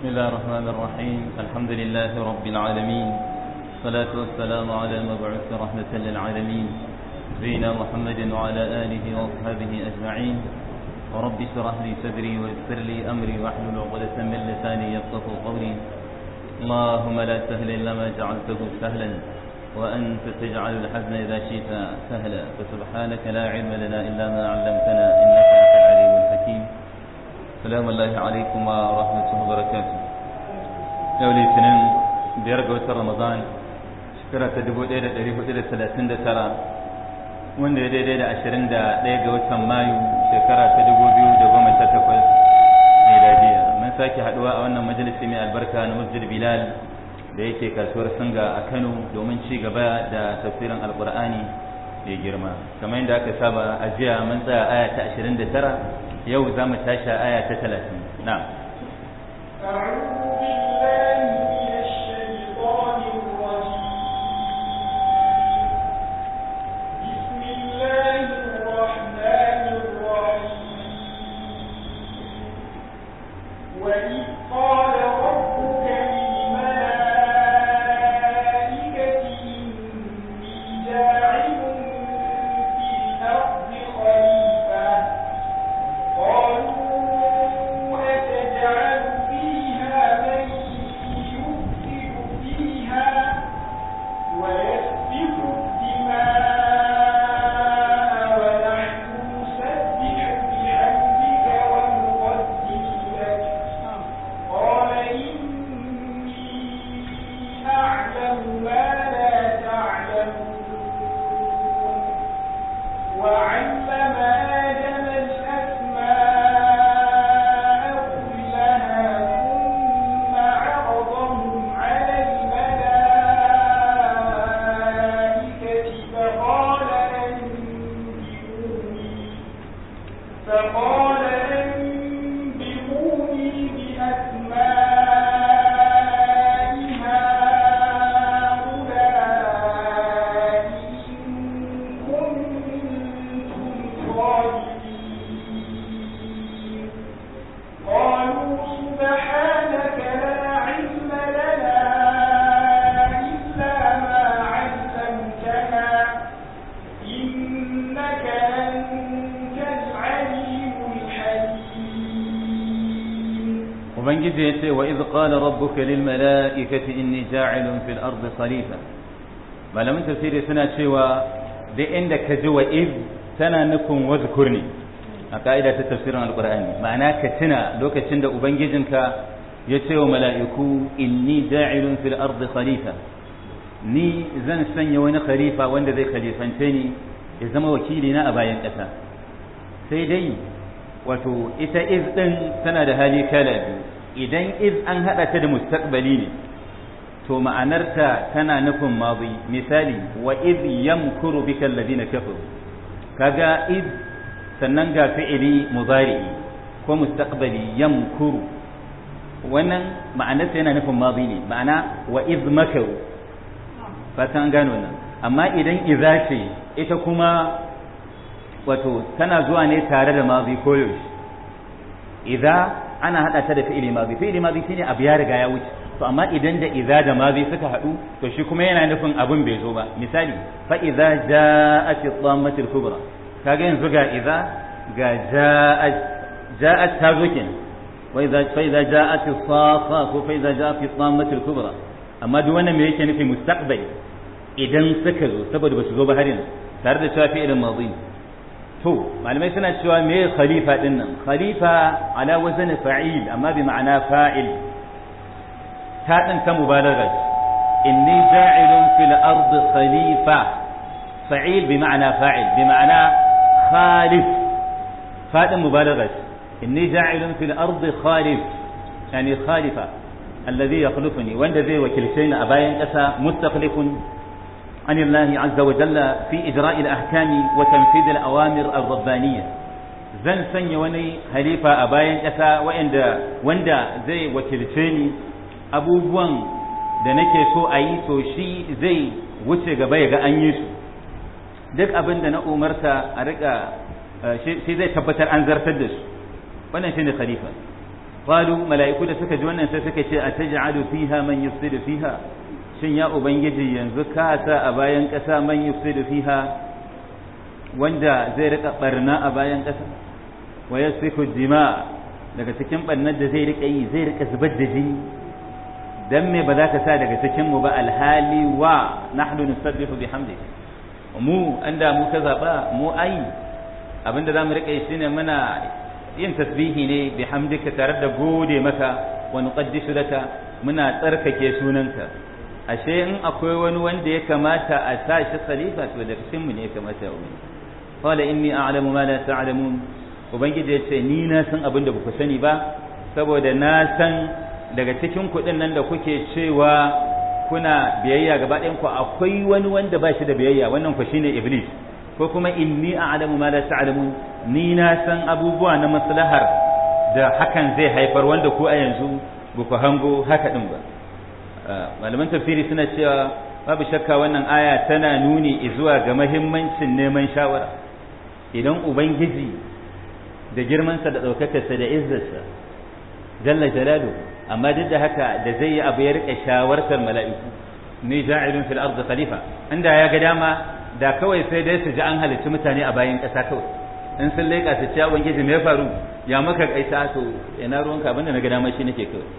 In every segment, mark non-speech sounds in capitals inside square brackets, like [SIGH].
بسم الله الرحمن الرحيم الحمد لله رب العالمين الصلاة والسلام على مبعوث رحمة للعالمين نبينا محمد وعلى آله وأصحابه أجمعين ورب اشرح لي صدري ويسر لي أمري واحلل عقدة من لساني يفقه قولي اللهم لا سهل إلا ما جعلته سهلا وأنت تجعل الحزن إذا شئت سهلا فسبحانك لا علم لنا إلا ما علمتنا إنك سلام الله عليكم ورحمة الله وبركاته yau litinin biyar ga watan ramadan shekara ta dubu ɗaya da ɗari hudu da talatin da tara wanda ya daidai da ashirin da ɗaya ga watan mayu shekara ta dubu biyu da goma sha takwas miladiya mun sake haɗuwa a wannan majalisi mai albarka na masjid bilal da yake kasuwar singa a kano domin ci gaba da tafsirin alkur'ani mai girma kamar yadda aka saba a jiya mun tsaya aya ta ashirin da tara yau za mu tashi aya ta talatin na? ربك للملائكة إني جاعل في الأرض خليفة ما لم تفسير سنة شوى دي عندك جوى إذ a ka'ida ta tafsirin alkur'ani ma'ana ka tuna lokacin da ubangijinka ya ce wa mala'iku inni da'ilun fil ardi khalifa ni zan sanya wani khalifa wanda zai khalifance ni ya zama wakili na a bayan ƙasa sai dai wato ita iz ɗin tana da hali kala idan iz an haɗa ta da mustaqbali ne to ma'anarta tana nufin madi misali wa iz yamkuru bika alladhina kafaru kaga iz sannan ga fi'ili mudari'i ko mustaqbali yamkuru wannan ma'anarta yana nufin madi ne ma'ana wa iz makaru fatan gano nan amma idan iza ce ita kuma wato tana zuwa ne tare da madi koyaushe idza ana hada ta da fi'ili mazi fi'ili mazi shine abu ya riga ya wuce to amma idan da idza da mazi suka hadu to shi kuma yana nufin abun bai zo ba misali fa idza ja'at ad-dammatul kubra kaga yanzu ga idza ga ja'at ja'at ta zo kenan wa idza fa idza ja'at as-safa ko fa idza ja'at ad-dammatul kubra amma duk wannan me yake nufi mustaqbali idan suka zo saboda ba su zo ba har yanzu tare da cewa fi'ilin mazi to malamai suna cewa me khalifa din nan khalifa ala wazan fa'il amma bi ma'ana fa'il ta din ta mubalagha inni ja'ilun fil ard khalifa fa'il bi ma'ana fa'il bi ma'ana khalif fa din mubalagha inni ja'ilun fil ard khalif yani khalifa alladhi yakhlufuni wanda zai wakilce ni a bayan kasa mustakhlifun عن الله fi وجل في إجراء الأحكام وتنفيذ الأوامر الربانية zan sanya wani halifa a bayan ƙasa wanda zai wakilce ni abubuwan da nake so a yi to shi zai wuce gaba ya ga an duk abinda na umarta a rika shi zai tabbatar an zartar da su wannan shi ne khalifa qalu mala'iku da suka ji wannan sai suka ce a taj'alu fiha man yufsidu fiha shin ya ubangiji yanzu ka sa a bayan ƙasa man yufsidu fiha wanda zai rika barna a bayan ƙasa wa yasfiku dima daga cikin barnar da zai rika yi zai rika zubar da jini dan me ba za ka sa daga cikin mu ba alhali wa nahnu nusabbihu bihamdi mu anda mu ka zaba mu ai abinda zamu rika yi shine muna yin tasbihi ne bihamdika tare da gode maka wa nuqaddisu laka muna tsarkake sunanka ashe in akwai wani wanda ya kamata a sa shi khalifa to da cikin mu ne kamata ya umarni qala inni a'lamu ma la ta'lamun ubangiji ya ce ni na san abin da ku sani ba saboda na san daga cikin kuɗin nan da kuke cewa kuna biyayya gaba ɗayan ku akwai wani wanda ba shi da biyayya wannan ku shine iblis ko kuma inni a'lamu ma la ta'lamun ni na san abubuwa na maslahar da hakan zai haifar wanda ku a yanzu ba hango haka din ba Eh, malaman tafsiri suna cewa babu shakka wannan aya tana nuni zuwa ga mahimmancin neman shawara idan ubangiji da girmansa da ɗaukakarsa da izzarsa jalla jalalu amma duk da haka da zai yi abu ya rika shawartar mala'iku ni ja'ilun fil ardi khalifa inda ya ga dama da kawai sai dai su ji an halicci mutane a bayan ƙasa kawai in sun leƙa su ciya ubangiji me ya faru ya maka kaita to ina ruwanka abinda na ga dama shi nake kawai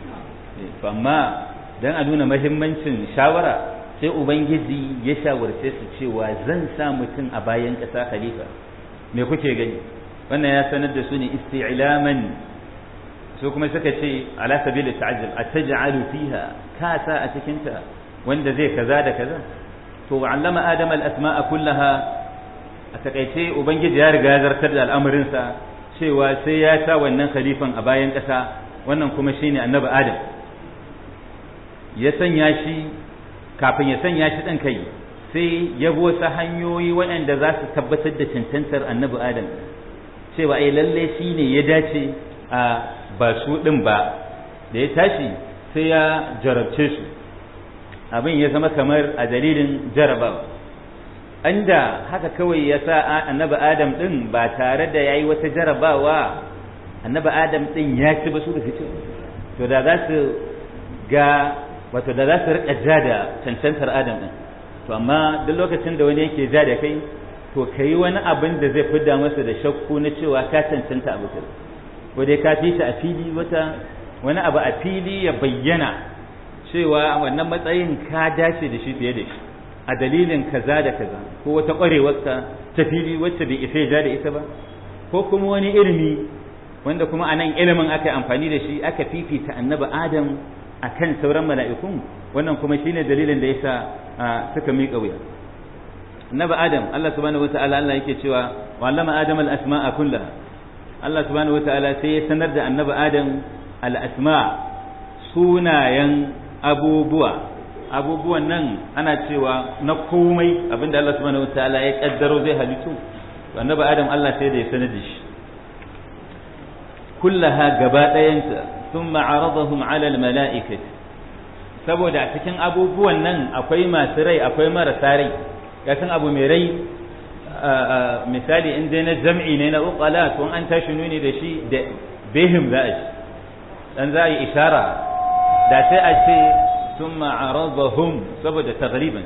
eh, to amma dan a nuna mahimmancin shawara sai ubangiji ya shawarce su cewa zan sa mutum a bayan ƙasa khalifa me kuke gani wannan ya sanar da su ne isti'laman su kuma suka ce ala sabili ta'ajjal ataj'alu fiha ka sa a cikin ta wanda zai kaza da kaza to allama adama al-asma'a kullaha a takaice ubangiji ya riga zartar da sa cewa sai ya sa wannan khalifan a bayan ƙasa wannan kuma shine annabi adam ya sanya shi kafin ya sanya shi ɗan kai sai ya bi wasu hanyoyi waɗanda za su tabbatar da cancantar annabi adam cewa ai lalle shi ne ya dace a ba su ɗin ba da ya tashi sai ya jarabce su abin ya zama kamar a dalilin jarabawa inda haka kawai ya sa annabi adam ɗin ba tare da ya yi wata jarabawa annabi adam ɗin ya ci ba su da to da za su ga wato da za su rika ja da cancantar adam din to amma duk lokacin da wani yake ja da kai to ka yi wani abin da zai fidda masa da shakku na cewa ka cancanta abu kai ko dai ka fi a fili wata wani abu a fili ya bayyana cewa wannan matsayin ka dace da shi fiye da shi a dalilin kaza da kaza ko wata ka ta fili wacce bai isa ja da ita ba ko kuma wani ilimi wanda kuma a nan ilimin aka amfani da shi aka fifita annabi adam akan sauran mala'ikun wannan kuma shine dalilin da yasa suka miƙa wuya nabi adam Allah subhanahu wataala Allah yake cewa wa allama adam al asma'a kullaha Allah subhanahu wataala sai ya sanar da annabi adam al asma sunayen abubuwa abubuwan nan ana cewa na komai abinda Allah subhanahu wataala ya kaddaro zai halittu annabi adam Allah sai da ya sanar da shi kullaha gaba dayanta ثم عرضهم على الملائكة saboda a cikin abubuwan nan akwai masu rai akwai marasa rai ga san abu mai rai misali in dai na jam'i ne na uqala to an tashi nuni da shi da bihim za a ci dan za a yi ishara da sai a ce thumma aradahum saboda taghriban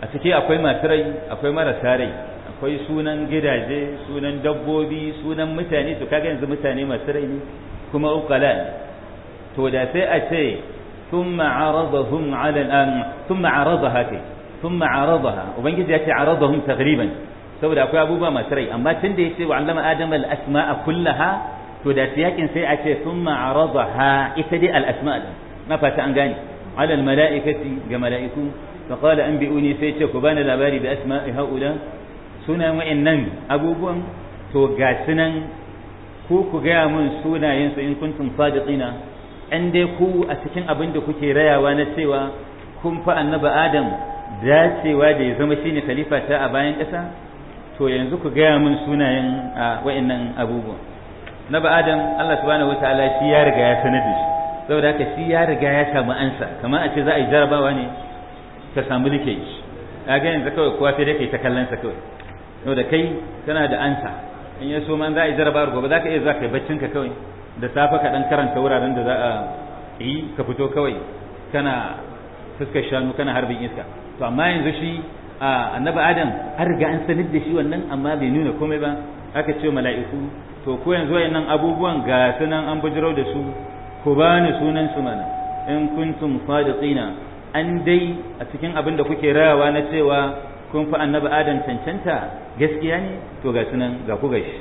a ciki akwai masu rai akwai marasa rai akwai sunan gidaje sunan dabbobi sunan mutane to kaga yanzu mutane masu rai ne kuma uqala to da sai a ce thumma aradahum ala al thumma aradaha kai thumma aradaha ubangiji ya ce aradahum taqriban saboda akwai abubuwa masu rai amma tun da yace wa allama adama al asma'a kullaha to da yakin sai a ce thumma aradaha ita dai al an gane ala mala'ikati ga mala'iku فقال أنبئوني سيتشك بان الأباري بأسماء هؤلاء sunayen wa'annan abubuwan to ga nan ku ku gaya mun sunayen su in kuntum sadiqina an dai ku a cikin abin da kuke rayawa na cewa kun fa annabi adam dacewa da ya zama shine khalifa ta a bayan ƙasa to yanzu ku gaya mun sunayen wa'annan abubuwan nabi adam Allah subhanahu wataala shi ya riga ya sanar shi saboda haka shi ya riga ya samu ansa kamar a ce za a jarabawa ne ka samu likeji kaga yanzu kawai kowa sai dai ta kallon sa kawai no da kai kana da ansa in ya so man za a jarabar gobe za ka iya ka kai baccin ka kawai da safe ka dan karanta wuraren da za a yi ka fito kawai kana fuskar shanu kana harbin iska to amma yanzu shi annabi adam an riga an sanar da shi wannan amma bai nuna komai ba aka ce mala'iku to ko yanzu wayannan abubuwan ga sunan an bujiro da su ku bani sunan su mana in kuntum sadiqina an dai a cikin abin da kuke rayawa na cewa kun fi annabi adam cancanta gaskiya ne to ga sunan ga ku gashi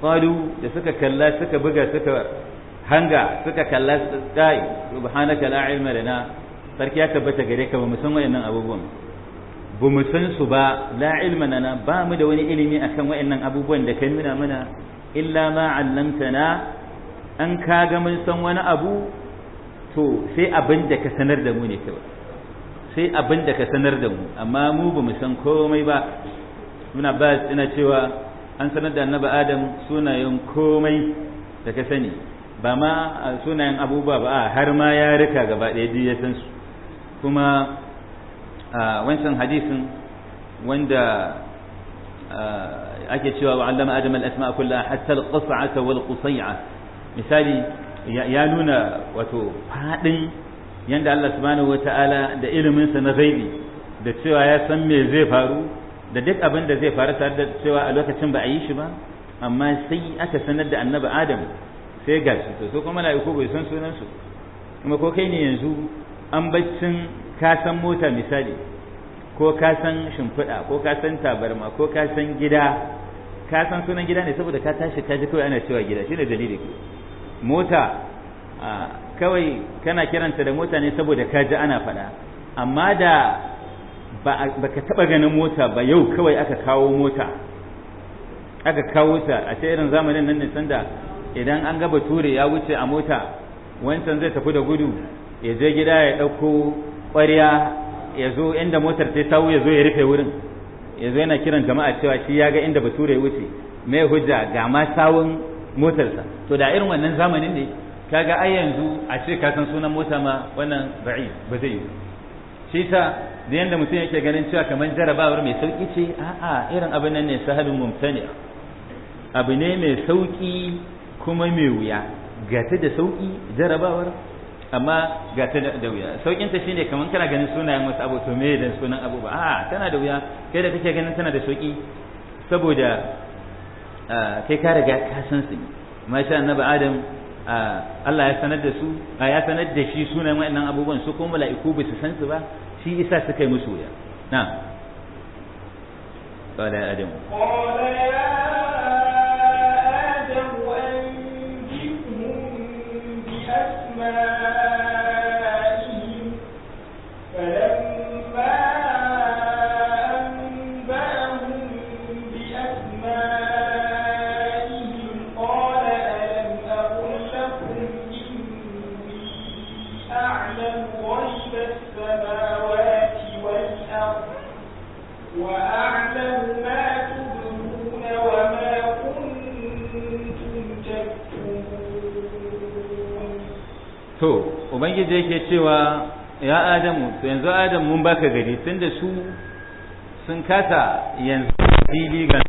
qalu da suka kalla suka buga suka hanga suka kalla su dai subhanaka la ilma lana sarki ya tabbata gare ka ba mu san wayannan abubuwan ba mu san su ba la ilma lana ba mu da wani ilimi akan wayannan abubuwan da kai nuna mana illa ma 'allamtana an ka ga mun san wani abu to sai abin da ka sanar da mu ne kai sai abin da ka sanar da mu amma mu ba mu san komai ba muna ba ina cewa an sanar da annabi adam sunayen komai da ka sani ba ma sunayen abubuwa ba har ma ya rika gaba ɗaya duk ya san su kuma wancan hadisin wanda ake cewa wa allama adam al-asma kullaha hatta al-qas'ata wal qusay'a misali ya nuna wato fadin yanda Allah subhanahu ta'ala da iliminsa na zaibi da cewa ya san me zai faru da duk abin da zai faru tare da cewa a lokacin ba a yi shi ba amma sai aka sanar da annabi adam sai ga shi to so kuma mala'iku bai san sunansu kuma ko kai ne yanzu an baccin ka san mota misali ko ka san shimfiɗa ko ka san tabarma ko ka san gida ka san sunan gida ne saboda ka tashi ka ji kawai ana cewa gida shine dalili mota kawai kana kiranta da mota ne saboda ka ji ana faɗa amma da ba ka taɓa ganin mota ba yau kawai aka kawo mota aka kawo ta a ta irin zamanin nan ne sanda idan an ga bature ya wuce a mota wancan zai tafi da gudu ya je gida ya ɗauko ƙwarya ya zo inda motar ta tawo ya zo ya rufe wurin ya zo yana kiran jama'a cewa shi ya ga inda bature ya wuce mai hujja ga ma sawun motarsa to da irin wannan zamanin ne kaga ai yanzu a ce ka san sunan mota ma wannan ba'i ba zai yi shi ta da yanda mutum yake ganin cewa kamar jarabawar mai sauki ce a'a irin abin nan ne sahabin mumtani abu ne mai sauki kuma mai wuya ta da sauki jarabawar amma ta da wuya saukin ta shine kamar kana ganin sunayen wasu abu to me da sunan abu ba a'a tana da wuya kai da kake ganin tana da sauki saboda ah, kai ka riga ka san su ne masha annabi adam Allah ya sanar da su ya sanar da shi sunan waɗannan abubuwan su kuma mala'iku ba su san su ba shi isa suka yi musu wuya na ya adamu to ubangiji yake cewa ya adamu to yanzu adamu mun baka gari tunda su sun kasa yanzu fili ga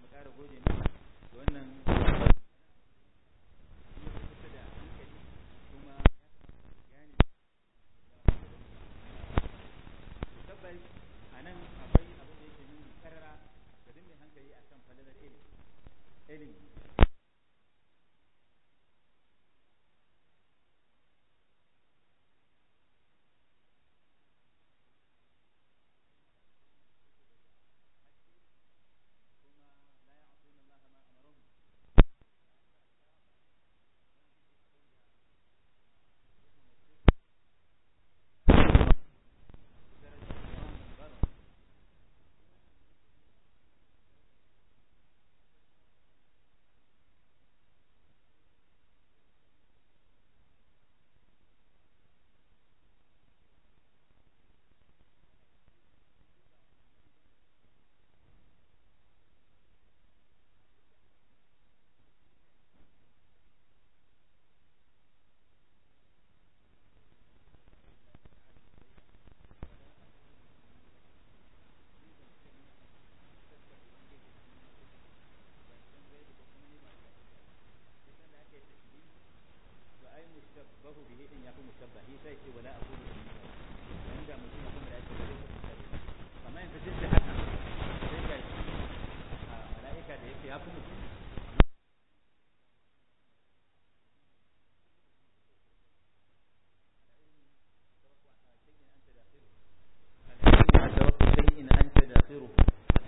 mu kara gode da wannan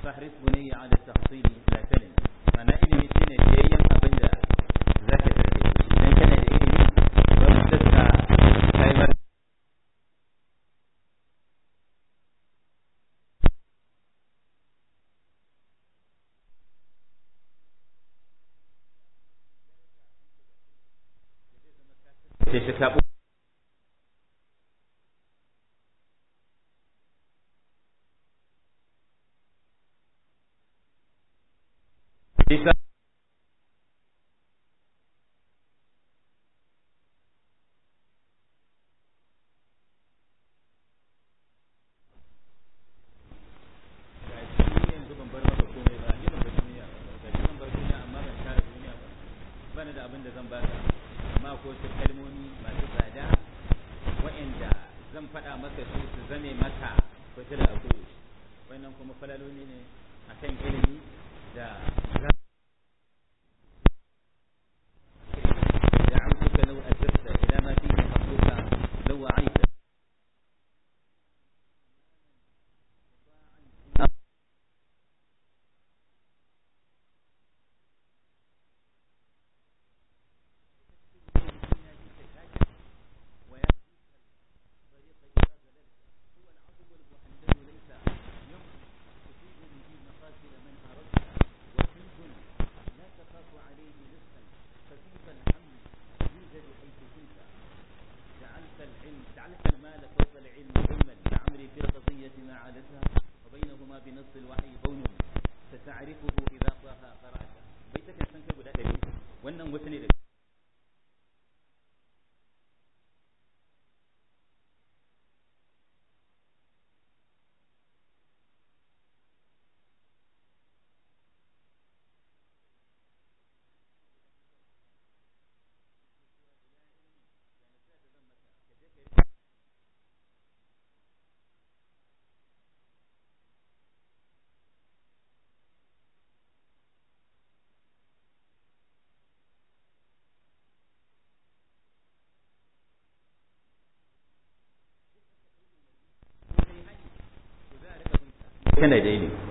فهرس بني على التخصيص لا تلم فنائل مثل الشيء Kennedy ne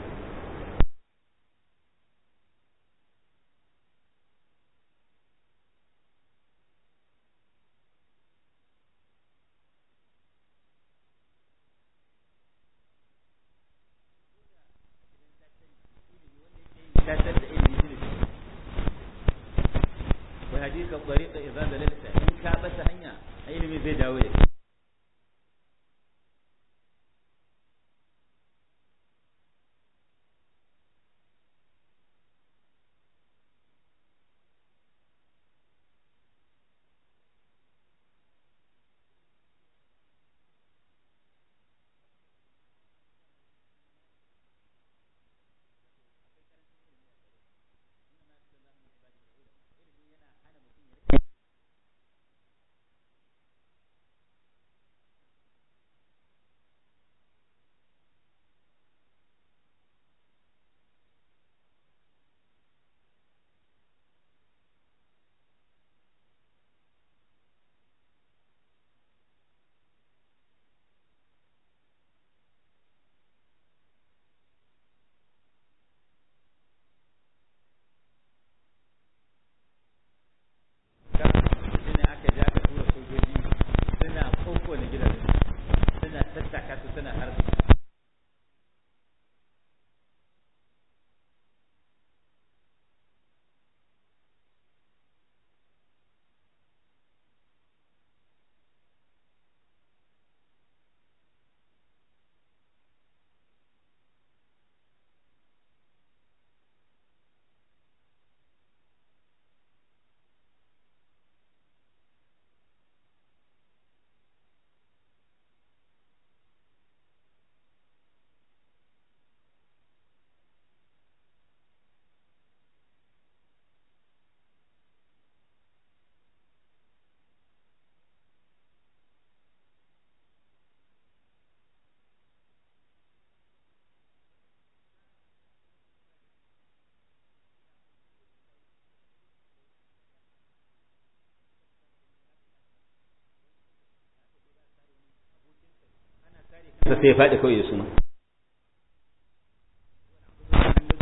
sai ya faɗi kawai ya suma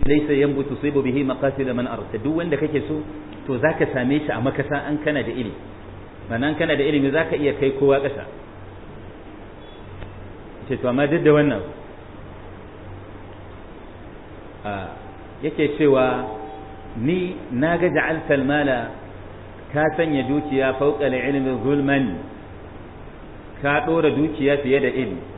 laysa yanbutu sibu bihi maqasid man arsa duk wanda kake so to zaka same shi a makasa an kana da ilimi manan kana da ilimi zaka iya kai kowa ƙasa ce to amma duk da wannan yake cewa ni na ga ja'alta mala ka sanya dukiya fauqa ilmi zulman ka dora dukiya fiye da ilimi.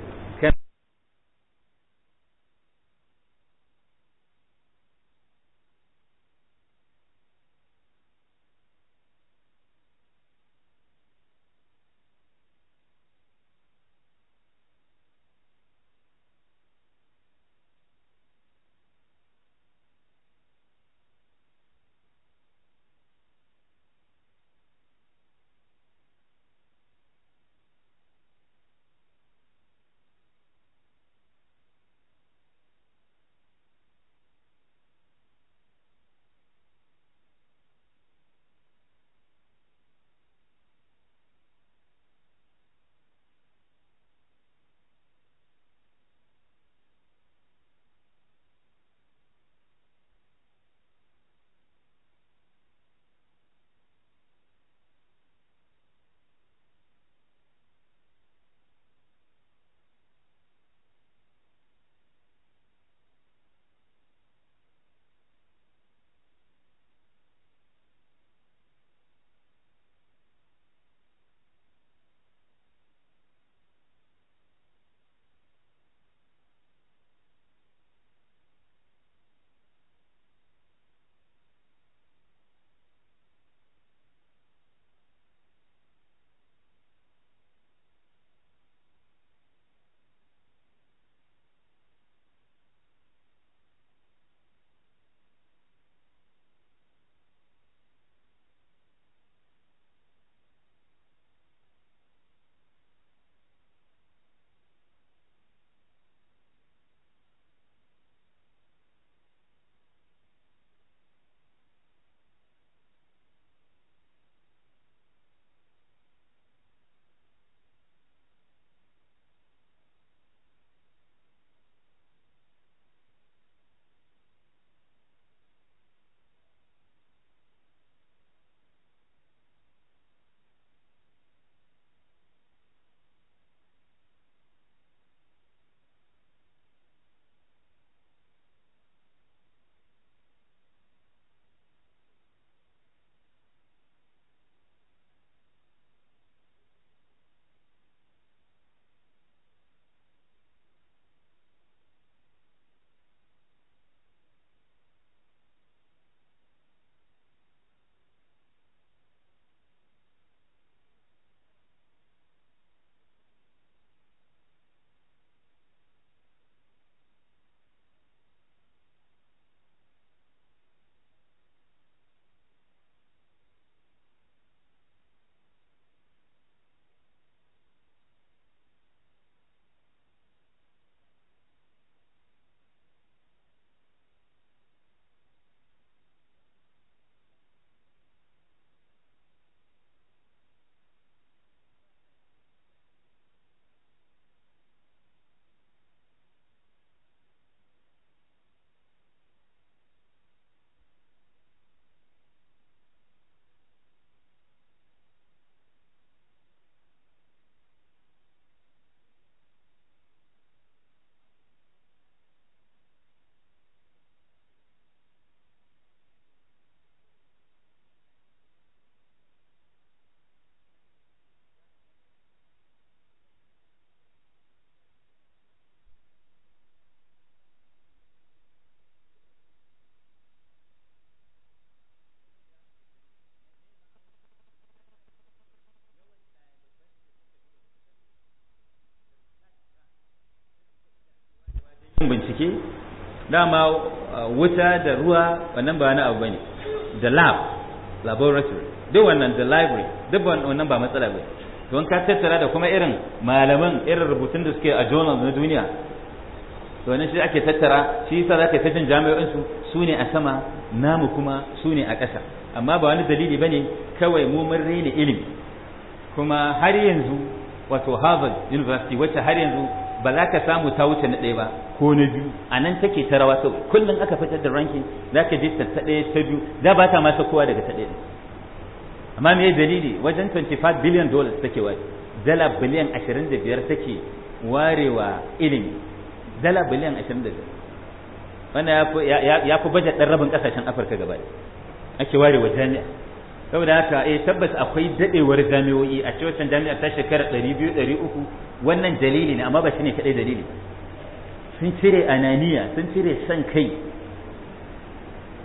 [LAUGHS] bincike dama uh, wuta da ruwa wannan ba wani abu bane da lab laboratory duk wannan da library duk wannan ba matsala ba don ka tattara da kuma irin malaman irin rubutun da suke a journal na duniya to wannan shi ake tattara shi yasa zaka ta jin jami'o'in su su ne a sama namu kuma su ne a ƙasa amma ba wani dalili bane kawai mu mun rena ilimi kuma har yanzu wato Harvard University wacce har yanzu ba za ka samu ta wuce na ɗaya ba ko na biyu a nan take ta rawa sau kullum aka fitar da rankin za ka je ta ɗaya ta biyu da ba ta masa kowa daga ta ɗaya amma me dalili wajen 25 billion dollars take wa dala biliyan 25 take warewa ilimi dala biliyan 25 wannan ya fi bajet ɗan rabin ƙasashen afirka gaba ake warewa jami'a saboda haka eh tabbas akwai dadewar jami'o'i a ce wancan jami'a ta shekara 200 300 wannan dalili ne amma ba ne kadai dalili sun cire ananiya sun cire san kai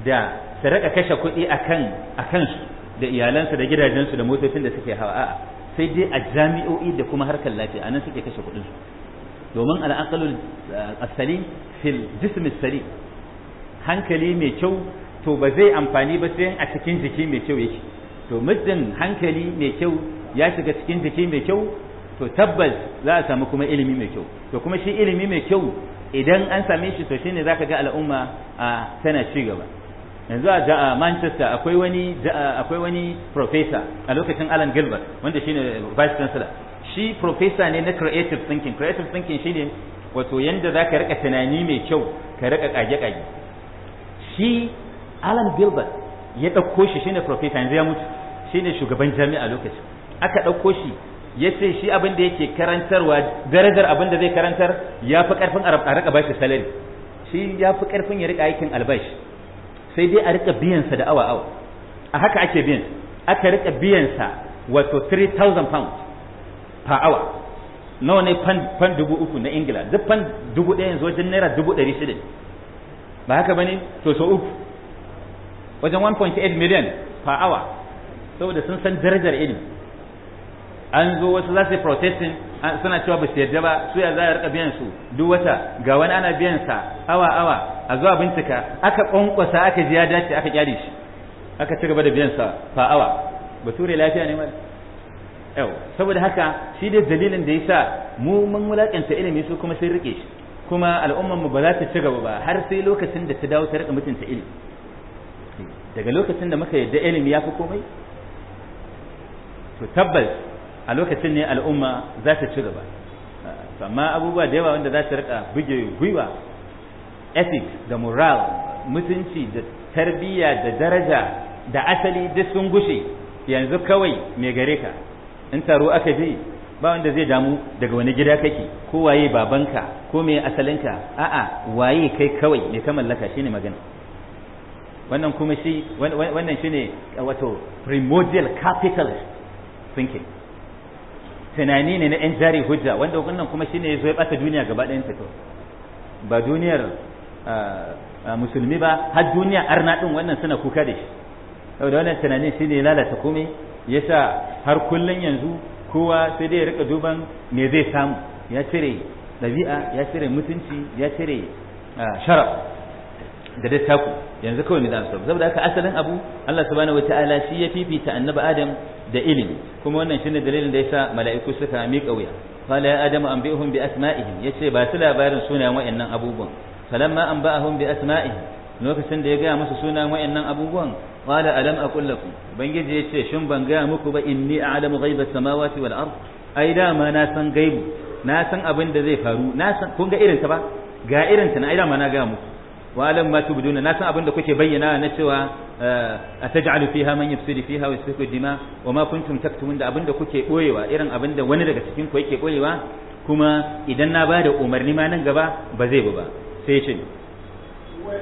da su kashe kuɗi akan akan su da iyalansu da gidajensu da motocin da suke hawa a'a sai dai a jami'o'i da kuma harkar lafiya anan suke kashe kuɗinsu. su domin al'aqalul eh, asali fil jism asali hankali mai kyau to ba zai amfani ba sai a cikin jiki mai kyau yake to muddin hankali mai kyau ya shiga cikin jiki mai kyau to tabbas za a samu kuma ilimi mai kyau to kuma shi ilimi mai kyau idan an same shi to shine zaka ga al'umma a tana ci gaba yanzu a Manchester akwai wani akwai wani professor a lokacin Alan Gilbert wanda shine vice chancellor shi professor ne na creative thinking creative thinking shine wato yanda zaka rika tunani mai kyau ka rika kage kage shi Alan Gilbert ya ɗauko shi shine profesa yanzu ya mutu shine shugaban jami'a lokacin aka ɗauko shi ya ce shi abin da yake karantarwa darajar abin da zai karantar ya fi ƙarfin a rika bashi salari shi ya fi ƙarfin ya rika aikin albashi sai dai a rika biyansa da awa awa a haka ake biyan aka rika biyansa wato 3000 pounds per hour nawa ne fan dubu uku na ingila duk fan dubu ɗaya yanzu wajen naira dubu ɗari shida ba haka ba ne to so uku wajen 1.8 million per hour saboda sun san darajar ilimi an zo wasu za su yi protesting suna cewa ba su yarda ba su ya za a rika biyan su duk wata ga wani ana biyan sa awa awa a zuwa bincika aka kwankwasa aka ji ya dace aka kyale shi aka ci gaba da biyan sa fa awa bature lafiya ne mai yau saboda haka shi dai dalilin da yasa mu mun wulakanta ilimi su kuma sun rike shi kuma al'ummar mu ba za ta ci gaba ba har sai lokacin da ta dawo ta rika mutunta ilimi daga lokacin da muka yadda ilimi ya fi komai to tabbas a lokacin ne al'umma za ta ci gaba amma abubuwa da yawa wanda za ta rika buge gwiwa ethic da moral mutunci da tarbiyya da daraja da asali duk sun gushe yanzu kawai mai gare ka in taro aka je ba wanda zai damu daga wani gida kake ko waye babanka ko mai asalinka a'a waye kai kawai me ka mallaka ne magana wannan kuma shi wannan shi ne wato primordial capitalist thinking tunani ne na yan jari hujja wanda wannan kuma shi ne ya bata duniya gaba ɗayan ta ba duniyar musulmi ba har duniya arna ɗin wannan suna kuka da shi saboda wannan tunanin shi ne lalata ya sa har kullum yanzu kowa sai dai ya rika duban me zai samu ya cire ɗabi'a ya cire mutunci ya cire sharaf da taku yanzu kawai mu da amsa saboda haka asalin abu Allah subhanahu wataala shi ya fifita annabi Adam da ilimi kuma wannan shine dalilin da yasa mala'iku suka miƙa wuya qala ya adamu anbi'uhum bi asma'ihim yace ba su labarin sunayen wayannan abubuwan falamma anba'ahum bi asma'ihim lokacin da ya gaya musu sunayen wayannan abubuwan qala alam aqul lakum ubangiji yace shin ban gaya muku ba inni a'lamu ghaiba samawati wal ard ai ma na san gaibu na san abin da zai faru na san kun ga irin ta ba ga irin ta na ai ma na gaya muku wa alam ma tubduna na san abin da kuke bayyana na cewa eh, a taj'alu fiha man yafsidu fiha wa yasfiku dima wa ma kuntum taktumun da abin da kuke boyewa irin abin da wani daga cikin ku yake boyewa kuma idan na bada umarni ma nan gaba ba zai ba sai ce wa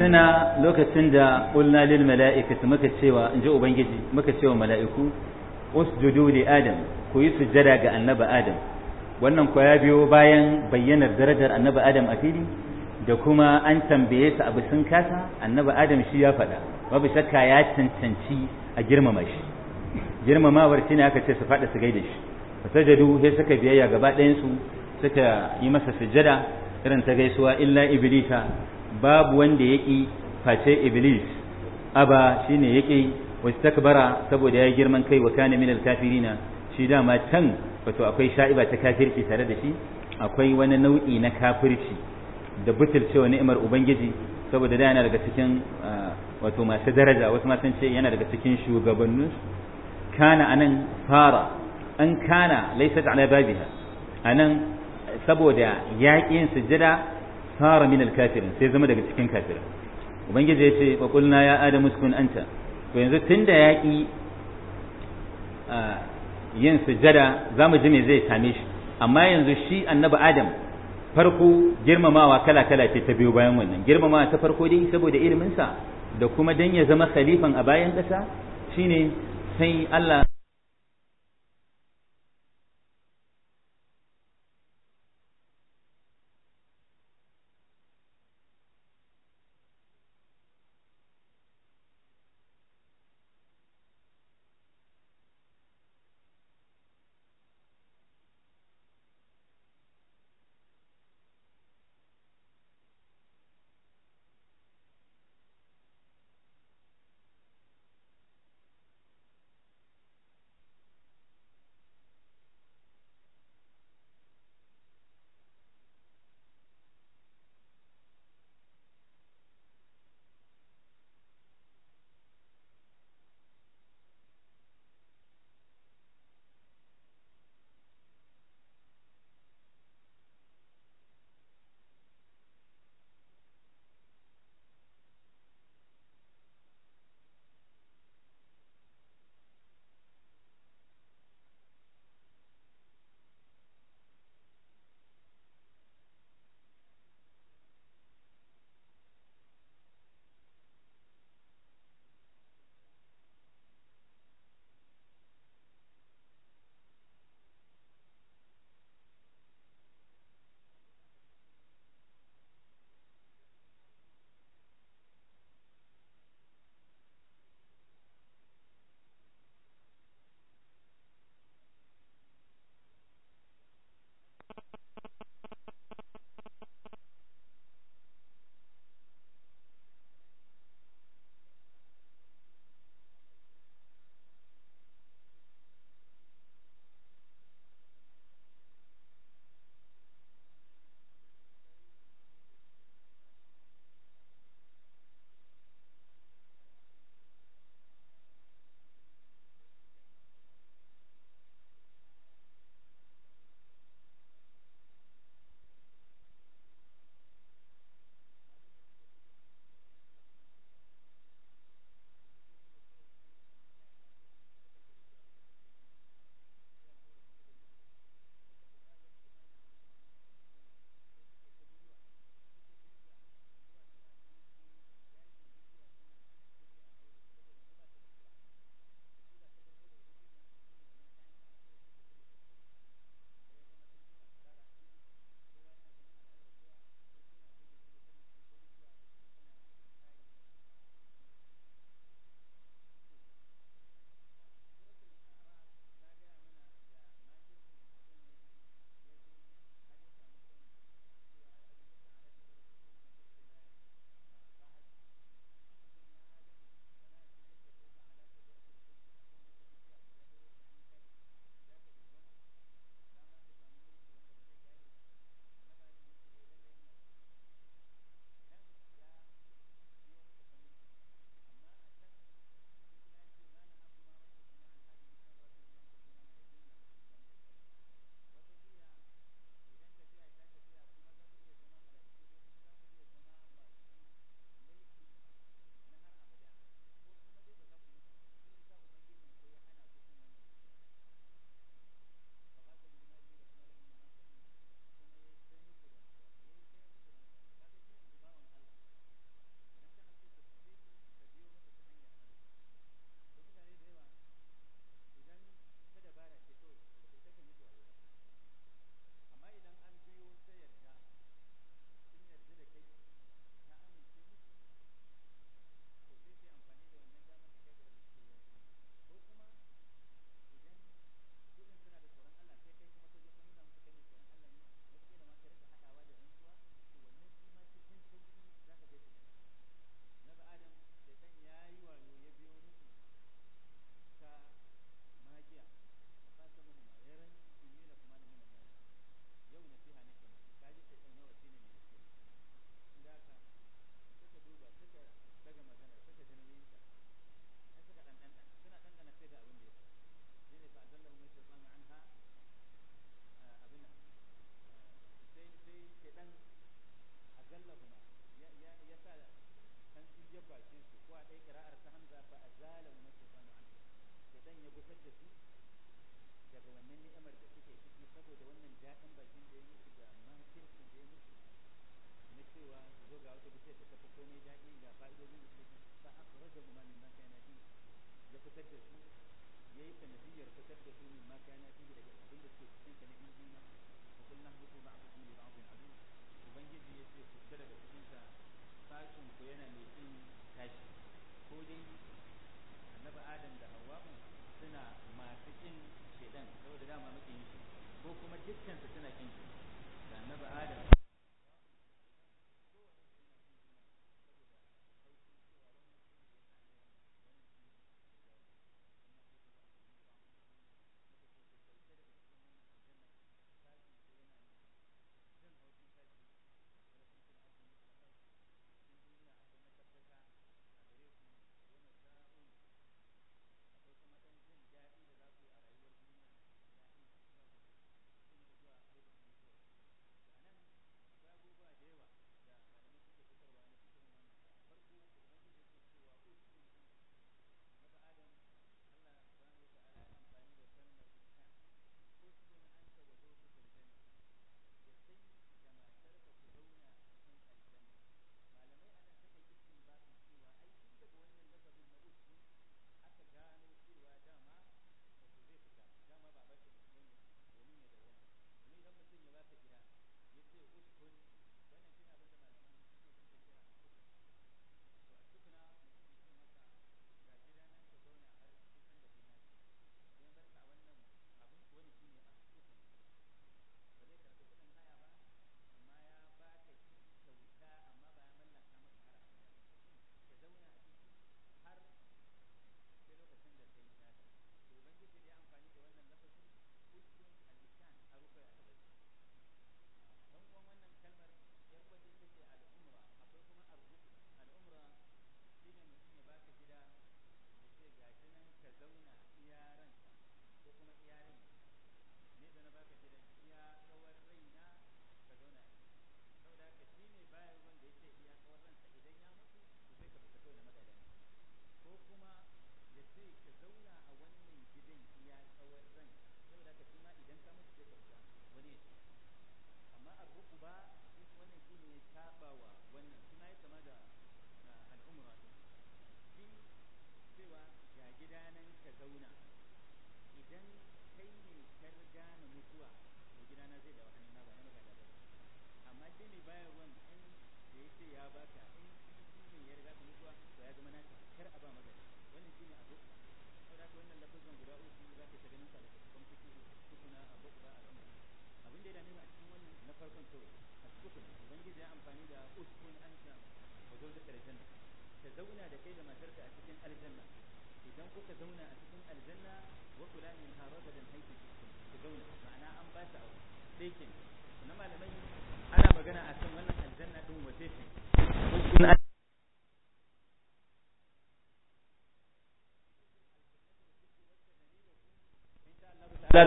tuna lokacin da ƙulna lil mala'ikati muka cewa in ji ubangiji muka cewa mala'iku usjudu li adam ku yi sujjada ga annabi adam wannan kwaya ya biyo bayan bayyanar darajar annabi adam a fili da kuma an tambaye su abu sun kasa annabi adam shi ya faɗa babu shakka ya cancanci a girmama shi girmamawar ne aka ce su faɗa su gaida shi fasajadu sai suka biyayya gaba ɗayansu suka yi masa sujada irin ta gaisuwa illa iblisa babu wanda yaƙi face iblis aba shine wasu wastakbara saboda ya girman kai wa kana minal kafirina shi dama can wato akwai sha'iba ta kafirci tare da shi akwai wani nau'i na kafirci da wa ni'imar ubangiji saboda da yana daga cikin ah, wato masu daraja wasu ma sun ce yana daga cikin shugabannin kana anan fara an kana laysa ala babiha anan saboda yaƙin sujada sara min al-kafirin sai zama daga cikin kafirin ubangiji ya ce wa kulna ya adamu sukun anta to yanzu tunda ya ki yin sujada za mu ji me zai same shi amma yanzu shi annabi adam farko girmamawa kala kala ce ta biyo bayan wannan girmamawa ta farko dai saboda iliminsa da kuma dan ya zama khalifan a bayan ƙasa shine sai Allah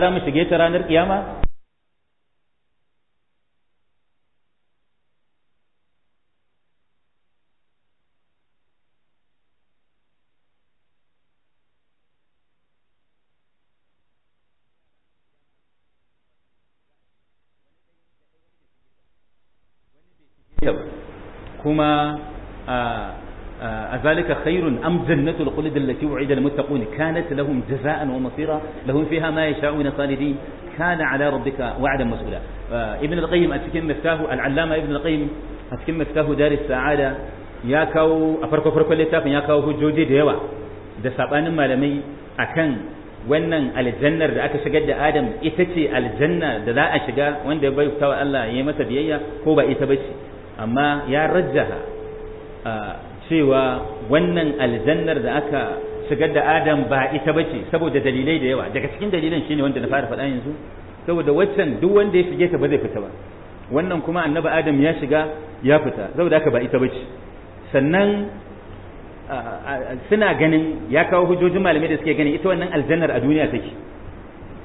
ta za mu shige ta ranar kiyama ذلك خير أم جنة القلد التي وعد المتقون كانت لهم جزاء ومصيرا لهم فيها ما يشاءون خالدين كان على ربك وعدا مسؤولا آه، ابن القيم أتكم مفتاه العلامة ابن القيم أتكم مفتاه دار السعادة ياكو أفرق فرق الليتاف ياكو هجودي ديوا دسابان مالمي أكن wannan aljannar da aka shigar da Adam ita ce aljanna da za a shiga wanda bai fita wa Allah ya yi masa biyayya cewa wannan aljannar da aka shigar da adam ba ita bace saboda dalilai da yawa daga cikin dalilan shine wanda na fara faɗa yanzu saboda waccan duk wanda ya shige ta ba zai fita ba wannan kuma annabi adam ya shiga ya fita saboda haka ba ita bace sannan suna ganin ya kawo hujjojin malamai da suke ganin ita wannan aljannar a duniya take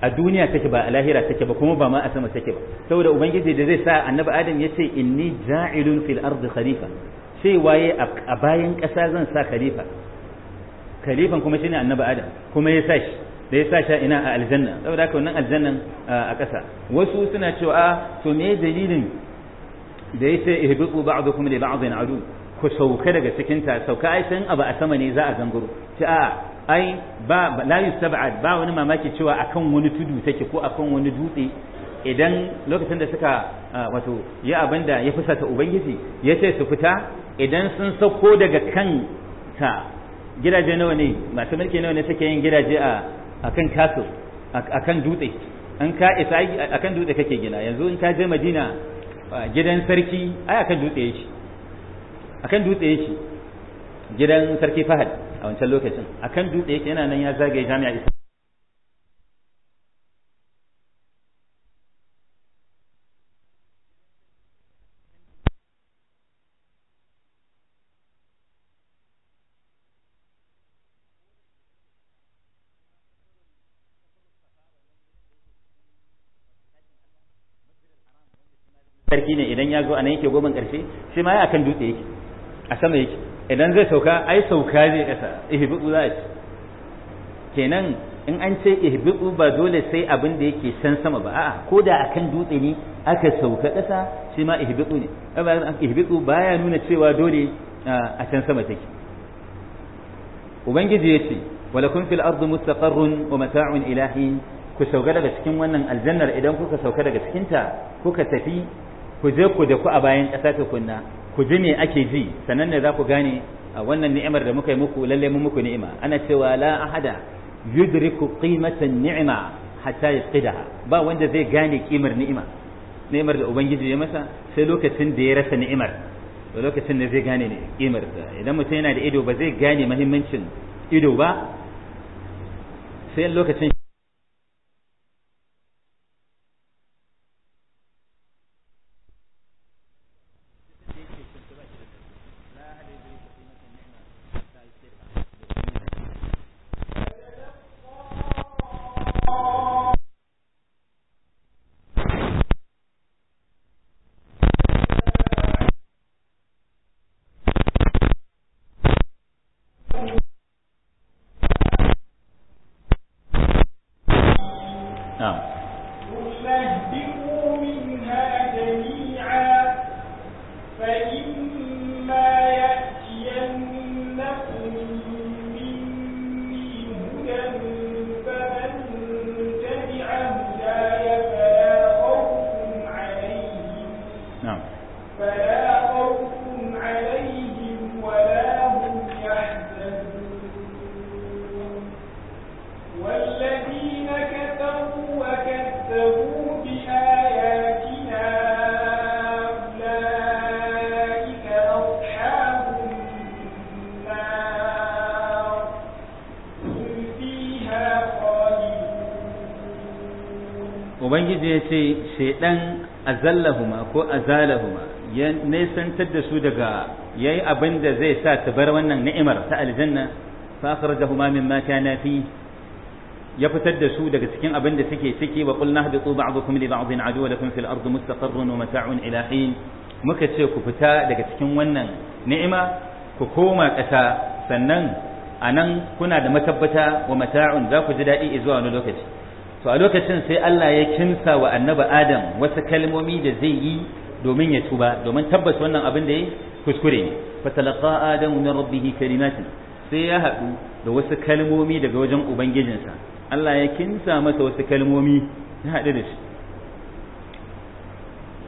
a duniya take ba a lahira take ba kuma ba ma a sama take ba saboda ubangiji da zai sa annabi adam ya ce inni ja'ilun fil ardi khalifa Sai waye a bayan ƙasa zan sa khalifa khalifan kuma shine annabi adam kuma ya sa shi da ya sa shi ina a aljanna saboda haka wannan aljannan a ƙasa wasu suna cewa a to me dalilin da ya ce ihbitu ba'dukum li ba'dhin adu ku sauka daga cikin ta sauka ai san abu a sama ne za a zanguru ci a ai ba la yustab'ad ba wani mamaki cewa akan wani tudu take ko akan wani dutse idan lokacin da suka wato ya abinda ya fusata ubangiji ya ce su fita idan sun sauko daga kanta gidaje nawa ne masu mulki nawa ne suke yin gidaje a akan a akan dutse an ka isa akan dutse kake gina yanzu in ka je madina gidan sarki ai akan dutse yake akan dutse yake gidan sarki fahad a wancan lokacin akan dutse yake yana nan ya zagaye jami'a sarki ne idan ya zo a nan yake goma ƙarfe sai ma ya akan dutse yake a sama yake idan zai sauka ai sauka zai kasa ihbitu za a ce kenan in an ce ihbitu ba dole sai abin da yake can sama ba a'a ko da akan dutse ne aka sauka kasa shi ma ihbitu ne ihbitu baya nuna cewa dole a can sama take ubangiji ya ce walakun fil ardi mustaqarrun wa mata'un ilahi ku sauka daga cikin wannan aljannar idan kuka sauka daga cikinta kuka tafi ku je ku da ku a bayan ƙasa tukunna ku ji me ake ji sannan ne za ku gane a wannan ni'imar da muka yi muku lalle mun muku ni'ima ana cewa la ahada yudriku qimatan ni'ima hatta yaqidaha ba wanda zai gane kimar ni'ima ni'imar da ubangiji ya masa sai lokacin da ya rasa ni'imar da lokacin da zai gane kimar idan mutum yana da ido ba zai gane muhimmancin ido ba sai lokacin نعم ya ce shaidan azallahuma ko azalahuma ya nesantar da su daga yayi abin da zai sa ta bar wannan ni'imar ta aljanna fa akhrajahuma mimma kana fi ya fitar da su daga cikin abin da suke ciki wa qulna habitu ba'dukum li ba'din aduwwa lakum fil ardi mustaqarrun wa mata'un ila hin muka ce ku fita daga cikin wannan ni'ima ku koma ƙasa sannan anan kuna da matabbata wa mata'un za ku ji daɗi zuwa wani lokaci to a lokacin sai Allah ya kinsa wa annabi Adam wasu kalmomi da zai yi domin ya tuba domin tabbas wannan abin da ya kuskure ne talaqa adam min rabbih kalimatin sai ya haɗu da wasu kalmomi daga wajen ubangijinsa Allah ya kinsa masa wasu kalmomi ya haɗu da shi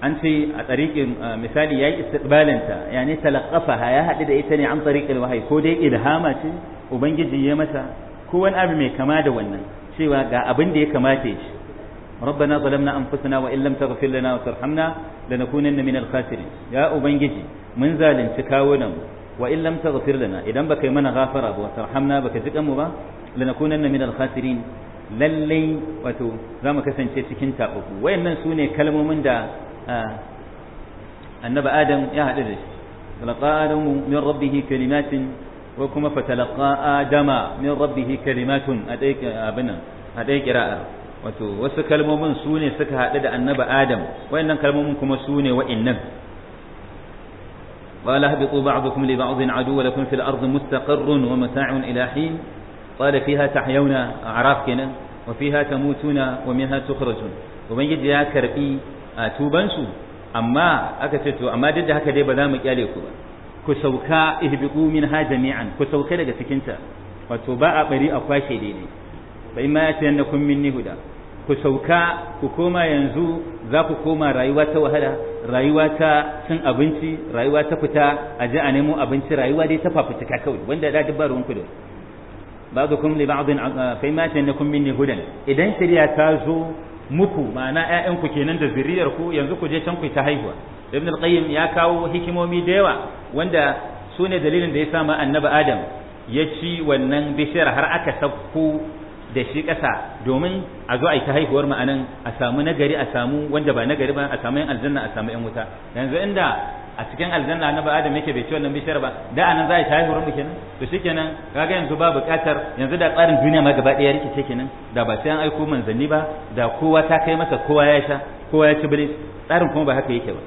an ce a tsarikin misali ya yi istiqbalinta ya ne talaqafaha ya haɗu da ita ne an tsarikin wahayi ko dai ilhama ce ubangiji ya masa ko wani abu mai kama da wannan cewa ga abin da ya kamata ya ci rabbana zalamna anfusana wa illam taghfir lana wa tarhamna lanakunanna minal khasirin ya ubangiji mun zalunci kawunan wa illam taghfir idan baka yi mana ghafara ba wa tarhamna baka ji kanmu ba lanakunanna minal khasirin lalle wato zamu kasance cikin tabuku wayannan sune kalmomin da annabi adam ya hadu da shi laqad min rabbih kalimatin ko kuma fatalaqa adama min rabbih kalimatun a dai abinan a dai qira'a wato wasu kalmomin su ne suka hadu da annabi adam wayannan kalmomin kuma su ne wa'annan قال اهبطوا بعضكم لبعض عدو لكم في الأرض مستقر ومتاع إلى حين قال فيها تحيون أعراف كنا وفيها تموتون ومنها تخرجون ومن يجد يا كربي توبانسو أما أكتتو أما جد هكذا بلا مكياليكو ku sauka ihbiqu minha jami'an ku sauka daga cikinta wato ba a bari a kwashe daidai bai ma ya tayanna kun minni huda ku sauka ku koma yanzu za ku koma rayuwa ta wahala rayuwa ta cin abinci rayuwa ta fita a ji a nemo abinci rayuwa dai ta fafutuka kawai wanda da duk ba ruwan ku da ba'dukum li ba'din fa ma tayannakum minni hudan idan shari'a ta zo muku ma'ana ƴaƴan ku kenan da zuriyar ku yanzu ku je can ku ta haihuwa ibn al-qayyim ya kawo hikimomi da yawa wanda su ne dalilin da ya sama annabi adam ya ci wannan bishiyar har aka sauko da shi ƙasa domin a zo a yi ta haihuwar ma'anan a samu nagari a samu wanda ba nagari ba a samu yan aljanna a samu yan wuta yanzu inda a cikin aljanna na ba adam yake bai ci wannan bishiyar ba da anan za a yi ta haihuwar mu kenan to shikenan kaga yanzu ba buƙatar yanzu da tsarin duniya ma gaba ɗaya rikice kenan da ba sai an aiko manzanni ba da kowa ta kai masa kowa ya sha kowa ya ci bilis tsarin kuma ba haka yake ba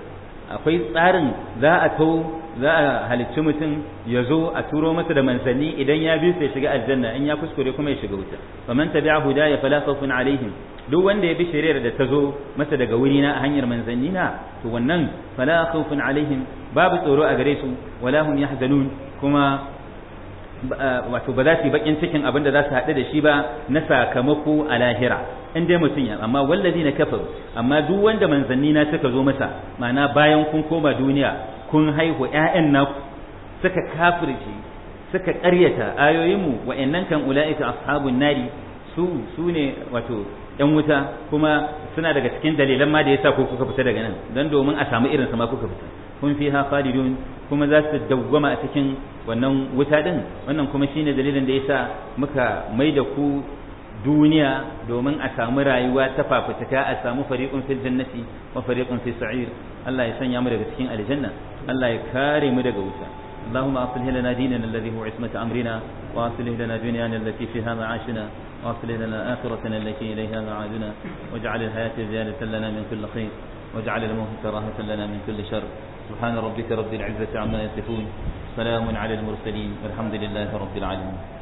akwai tsarin za a tau za a halicci mutum ya zo a turo masa da manzanni idan ya bi sai shiga aljanna in ya kuskure kuma ya shiga wuta faman tabi'a hudaya fala khawfun alaihim duk wanda ya bi shari'ar da ta zo masa daga wuri na a hanyar manzanni na to wannan fala khawfun alaihim babu tsoro a gare su wala hum yahzanun kuma wato ba za su yi bakin cikin abin da za su haɗu da shi ba na sakamako a lahira in dai mutum ya amma wallazi na kafar amma duk wanda manzanni na suka zo masa ma'ana bayan kun koma duniya kun haihu ƴaƴan naku suka kafirci suka ƙaryata ayoyinmu wa'annan kan ula'ika ashabun nari su su ne wato ƴan wuta kuma suna daga cikin dalilan ma da yasa ku kuka fita daga nan don domin a samu irin sama kuka fita kun fiha khalidun kuma za su dawwama a cikin wannan wuta din wannan kuma shine dalilin da yasa muka mai da ku duniya domin a samu rayuwa ta fafutuka a samu fariqun fil jannati wa fariqun fi sa'ir Allah ya sanya mu daga cikin aljanna Allah ya kare mu daga wuta اللهم أصلح لنا ديننا الذي هو عصمة أمرنا وأصلح لنا دنيانا التي فيها معاشنا وأصلح لنا آخرتنا التي إليها معادنا واجعل الحياة زيادة لنا من كل خير واجعل الموت راحة لنا من كل شر سبحان ربك رب العزة عما يصفون سلام على المرسلين والحمد لله رب العالمين